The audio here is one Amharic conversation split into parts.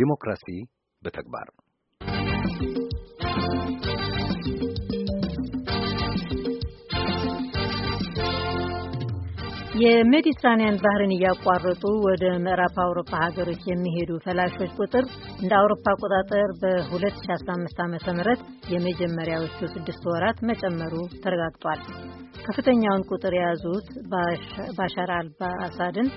ዲሞክራሲ በተግባር የሜዲትራኒያን ባህርን እያቋረጡ ወደ ምዕራብ አውሮፓ ሀገሮች የሚሄዱ ፈላሾች ቁጥር እንደ አውሮፓ አቆጣጠር በ2015 ዓ ም የመጀመሪያዎቹ ስድስት ወራት መጨመሩ ተረጋግጧል። ከፍተኛውን ቁጥር የያዙት ባሻር አሳድን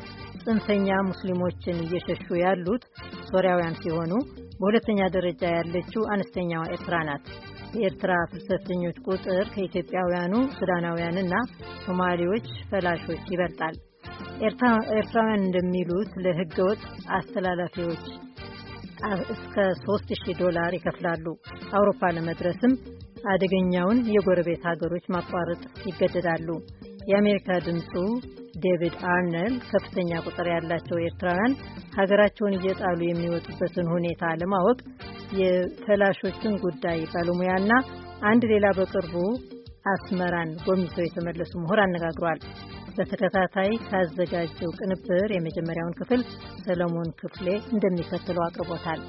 ጽንፈኛ ሙስሊሞችን እየሸሹ ያሉት ሶሪያውያን ሲሆኑ በሁለተኛ ደረጃ ያለችው አነስተኛዋ ኤርትራ ናት። የኤርትራ ፍልሰተኞች ቁጥር ከኢትዮጵያውያኑ፣ ሱዳናውያንና ሶማሌዎች ፈላሾች ይበልጣል። ኤርትራውያን እንደሚሉት ለህገወጥ አስተላላፊዎች እስከ 3000 ዶላር ይከፍላሉ። አውሮፓ ለመድረስም አደገኛውን የጎረቤት ሀገሮች ማቋረጥ ይገደዳሉ። የአሜሪካ ድምፁ ዴቪድ አርነል ከፍተኛ ቁጥር ያላቸው ኤርትራውያን ሀገራቸውን እየጣሉ የሚወጡበትን ሁኔታ ለማወቅ የተላሾችን ጉዳይ ባለሙያና አንድ ሌላ በቅርቡ አስመራን ጎብኝተው የተመለሱ ምሁር አነጋግሯል። በተከታታይ ካዘጋጀው ቅንብር የመጀመሪያውን ክፍል ሰለሞን ክፍሌ እንደሚከተለው አቅርቦታል።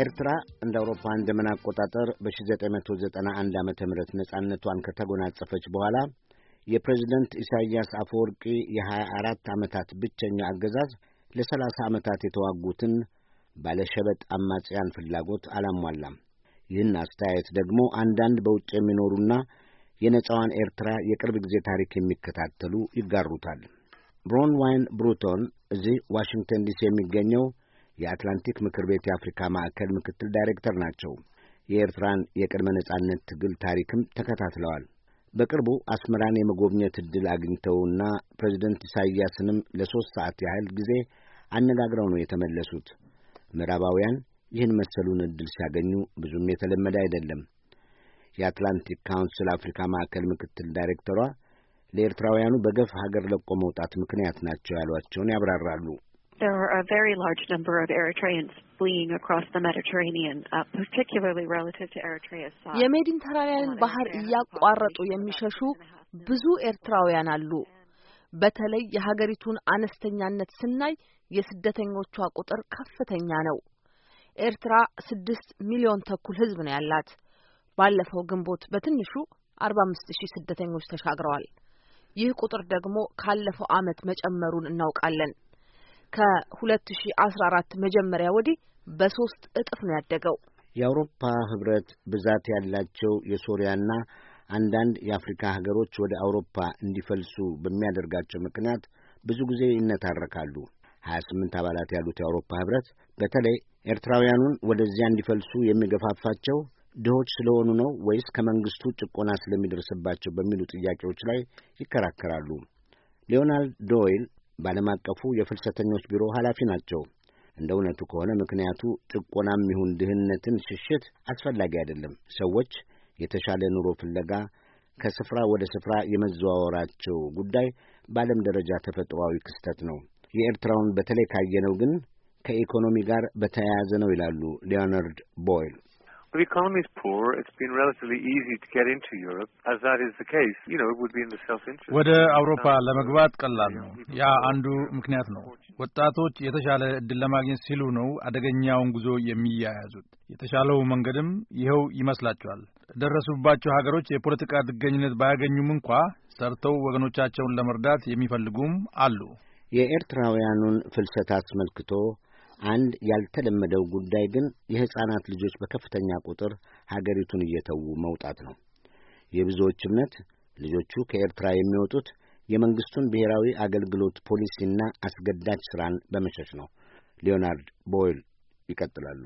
ኤርትራ እንደ አውሮፓን ዘመን አቆጣጠር በ1991 ዓ ም ነጻነቷን ከተጎናጸፈች በኋላ የፕሬዝደንት ኢሳይያስ አፈወርቂ የ24 ዓመታት ብቸኛ አገዛዝ ለ30 ዓመታት የተዋጉትን ባለሸበጥ አማጽያን ፍላጎት አላሟላም። ይህን አስተያየት ደግሞ አንዳንድ በውጭ የሚኖሩና የነጻዋን ኤርትራ የቅርብ ጊዜ ታሪክ የሚከታተሉ ይጋሩታል። ብሮንዋይን ብሩቶን እዚህ ዋሽንግተን ዲሲ የሚገኘው የአትላንቲክ ምክር ቤት የአፍሪካ ማዕከል ምክትል ዳይሬክተር ናቸው። የኤርትራን የቅድመ ነጻነት ትግል ታሪክም ተከታትለዋል። በቅርቡ አስመራን የመጎብኘት ዕድል አግኝተውና ፕሬዚደንት ኢሳይያስንም ለሦስት ሰዓት ያህል ጊዜ አነጋግረው ነው የተመለሱት። ምዕራባውያን ይህን መሰሉን ዕድል ሲያገኙ ብዙም የተለመደ አይደለም። የአትላንቲክ ካውንስል አፍሪካ ማዕከል ምክትል ዳይሬክተሯ ለኤርትራውያኑ በገፍ ሀገር ለቆ መውጣት ምክንያት ናቸው ያሏቸውን ያብራራሉ። there are a very large number of Eritreans fleeing across the Mediterranean, uh, particularly relative to Eritrea's size. የሜዲተራንያን ባህር እያቋረጡ የሚሸሹ ብዙ ኤርትራውያን አሉ። በተለይ የሀገሪቱን አነስተኛነት ስናይ የስደተኞቿ ቁጥር ከፍተኛ ነው። ኤርትራ ስድስት ሚሊዮን ተኩል ህዝብ ነው ያላት። ባለፈው ግንቦት በትንሹ አርባ አምስት ሺህ ስደተኞች ተሻግረዋል። ይህ ቁጥር ደግሞ ካለፈው ዓመት መጨመሩን እናውቃለን። ከ2014 መጀመሪያ ወዲህ በሶስት እጥፍ ነው ያደገው። የአውሮፓ ህብረት ብዛት ያላቸው የሶሪያና አንዳንድ የአፍሪካ ሀገሮች ወደ አውሮፓ እንዲፈልሱ በሚያደርጋቸው ምክንያት ብዙ ጊዜ ይነታረካሉ። ሀያ ስምንት አባላት ያሉት የአውሮፓ ህብረት በተለይ ኤርትራውያኑን ወደዚያ እንዲፈልሱ የሚገፋፋቸው ድሆች ስለሆኑ ነው ወይስ ከመንግስቱ ጭቆና ስለሚደርስባቸው በሚሉ ጥያቄዎች ላይ ይከራከራሉ። ሊዮናልድ ዶይል በዓለም አቀፉ የፍልሰተኞች ቢሮ ኃላፊ ናቸው። እንደ እውነቱ ከሆነ ምክንያቱ ጭቆናም ይሁን ድህነትን ሽሽት አስፈላጊ አይደለም። ሰዎች የተሻለ ኑሮ ፍለጋ ከስፍራ ወደ ስፍራ የመዘዋወራቸው ጉዳይ በዓለም ደረጃ ተፈጥሯዊ ክስተት ነው። የኤርትራውን በተለይ ካየነው ግን ከኢኮኖሚ ጋር በተያያዘ ነው ይላሉ ሊዮናርድ ቦይል። The economy is poor. It's been relatively easy to get into Europe. As that is the case, you know, it would be in the self-interest. ወደ አውሮፓ uh, ለመግባት ቀላል ነው። ያ አንዱ ምክንያት ነው። ወጣቶች የተሻለ እድል ለማግኘት ሲሉ ነው አደገኛውን ጉዞ የሚያያዙት። የተሻለው መንገድም ይኸው ይመስላቸዋል። ደረሱባቸው ሀገሮች የፖለቲካ ጥገኝነት ባያገኙም እንኳ ሰርተው ወገኖቻቸውን ለመርዳት የሚፈልጉም አሉ። የኤርትራውያኑን ፍልሰት አስመልክቶ አንድ ያልተለመደው ጉዳይ ግን የሕፃናት ልጆች በከፍተኛ ቁጥር ሀገሪቱን እየተዉ መውጣት ነው። የብዙዎች እምነት ልጆቹ ከኤርትራ የሚወጡት የመንግሥቱን ብሔራዊ አገልግሎት ፖሊሲና አስገዳጅ ሥራን በመሸሽ ነው። ሊዮናርድ ቦይል ይቀጥላሉ።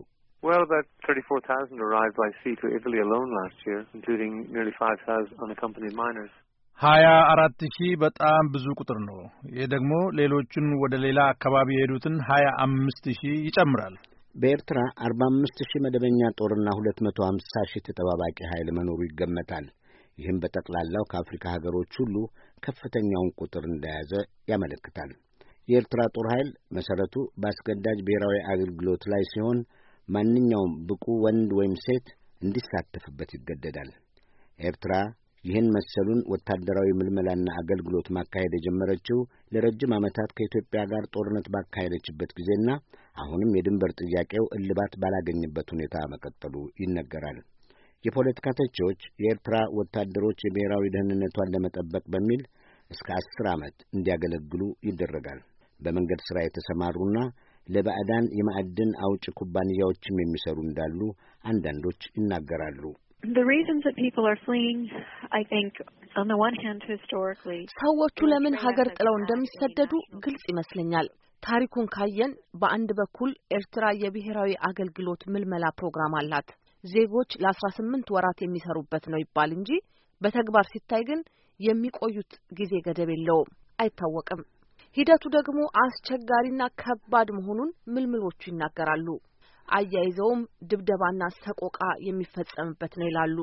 Well, about 34,000 arrived by sea to Italy alone last year, including nearly 5,000 unaccompanied minors. ሀያ አራት ሺህ በጣም ብዙ ቁጥር ነው። ይህ ደግሞ ሌሎቹን ወደ ሌላ አካባቢ የሄዱትን ሀያ አምስት ሺህ ይጨምራል። በኤርትራ አርባ አምስት ሺህ መደበኛ ጦርና ሁለት መቶ ሀምሳ ሺህ ተጠባባቂ ኃይል መኖሩ ይገመታል። ይህም በጠቅላላው ከአፍሪካ ሀገሮች ሁሉ ከፍተኛውን ቁጥር እንደያዘ ያመለክታል። የኤርትራ ጦር ኃይል መሠረቱ በአስገዳጅ ብሔራዊ አገልግሎት ላይ ሲሆን ማንኛውም ብቁ ወንድ ወይም ሴት እንዲሳተፍበት ይገደዳል። ኤርትራ ይህን መሰሉን ወታደራዊ ምልመላና አገልግሎት ማካሄድ የጀመረችው ለረጅም ዓመታት ከኢትዮጵያ ጋር ጦርነት ባካሄደችበት ጊዜና አሁንም የድንበር ጥያቄው እልባት ባላገኝበት ሁኔታ መቀጠሉ ይነገራል። የፖለቲካ ተቺዎች የኤርትራ ወታደሮች የብሔራዊ ደህንነቷን ለመጠበቅ በሚል እስከ አስር ዓመት እንዲያገለግሉ ይደረጋል። በመንገድ ሥራ የተሰማሩና ለባዕዳን የማዕድን አውጭ ኩባንያዎችም የሚሰሩ እንዳሉ አንዳንዶች ይናገራሉ። ሰዎቹ ለምን ሀገር ጥለው እንደሚሰደዱ ግልጽ ይመስለኛል። ታሪኩን ካየን በአንድ በኩል ኤርትራ የብሔራዊ አገልግሎት ምልመላ ፕሮግራም አላት። ዜጎች ለአስራ ስምንት ወራት የሚሰሩበት ነው ይባል እንጂ በተግባር ሲታይ ግን የሚቆዩት ጊዜ ገደብ የለውም፣ አይታወቅም። ሂደቱ ደግሞ አስቸጋሪና ከባድ መሆኑን ምልምሎቹ ይናገራሉ። አያይዘውም ድብደባና ሰቆቃ የሚፈጸምበት ነው ይላሉ።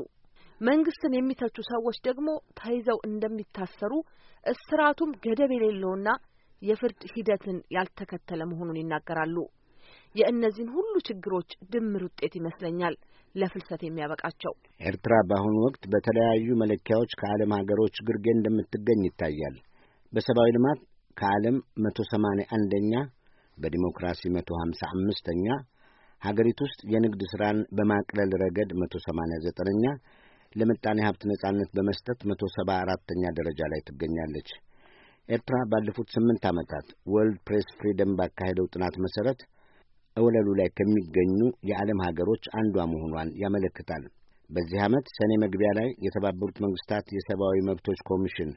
መንግስትን የሚተቹ ሰዎች ደግሞ ተይዘው እንደሚታሰሩ እስራቱም ገደብ የሌለውና የፍርድ ሂደትን ያልተከተለ መሆኑን ይናገራሉ። የእነዚህን ሁሉ ችግሮች ድምር ውጤት ይመስለኛል ለፍልሰት የሚያበቃቸው። ኤርትራ በአሁኑ ወቅት በተለያዩ መለኪያዎች ከዓለም ሀገሮች ግርጌ እንደምትገኝ ይታያል። በሰብአዊ ልማት ከዓለም መቶ ሰማንያ አንደኛ በዲሞክራሲ መቶ ሀምሳ አምስተኛ ሀገሪቱ ውስጥ የንግድ ሥራን በማቅለል ረገድ መቶ ሰማንያ ዘጠነኛ ለምጣኔ ሀብት ነጻነት በመስጠት መቶ ሰባ አራተኛ ደረጃ ላይ ትገኛለች። ኤርትራ ባለፉት ስምንት ዓመታት ወርልድ ፕሬስ ፍሪደም ባካሄደው ጥናት መሠረት እወለሉ ላይ ከሚገኙ የዓለም ሀገሮች አንዷ መሆኗን ያመለክታል። በዚህ ዓመት ሰኔ መግቢያ ላይ የተባበሩት መንግስታት የሰብአዊ መብቶች ኮሚሽን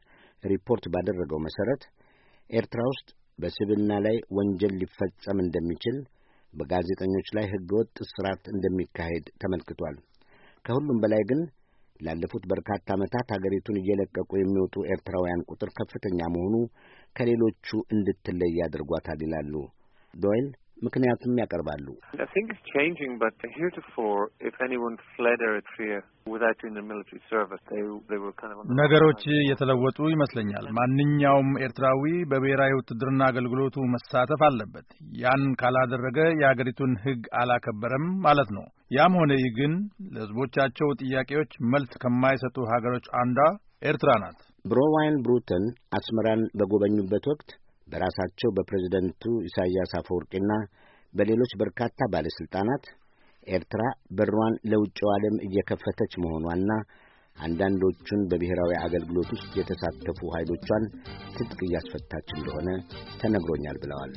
ሪፖርት ባደረገው መሠረት ኤርትራ ውስጥ በስብና ላይ ወንጀል ሊፈጸም እንደሚችል በጋዜጠኞች ላይ ህገወጥ እስራት እንደሚካሄድ ተመልክቷል። ከሁሉም በላይ ግን ላለፉት በርካታ ዓመታት ሀገሪቱን እየለቀቁ የሚወጡ ኤርትራውያን ቁጥር ከፍተኛ መሆኑ ከሌሎቹ እንድትለይ አድርጓታል ይላሉ ዶይል ምክንያትም ያቀርባሉ። ነገሮች የተለወጡ ይመስለኛል። ማንኛውም ኤርትራዊ በብሔራዊ ውትድርና አገልግሎቱ መሳተፍ አለበት። ያን ካላደረገ የአገሪቱን ሕግ አላከበረም ማለት ነው። ያም ሆነ ይህ ግን ለሕዝቦቻቸው ጥያቄዎች መልስ ከማይሰጡ ሀገሮች አንዷ ኤርትራ ናት። ብሮዋይን ብሩተን አስመራን በጎበኙበት ወቅት በራሳቸው በፕሬዝደንቱ ኢሳያስ አፈወርቂና በሌሎች በርካታ ባለሥልጣናት ኤርትራ በሯን ለውጭው ዓለም እየከፈተች መሆኗና አንዳንዶቹን በብሔራዊ አገልግሎት ውስጥ የተሳተፉ ኃይሎቿን ትጥቅ እያስፈታች እንደሆነ ተነግሮኛል ብለዋል።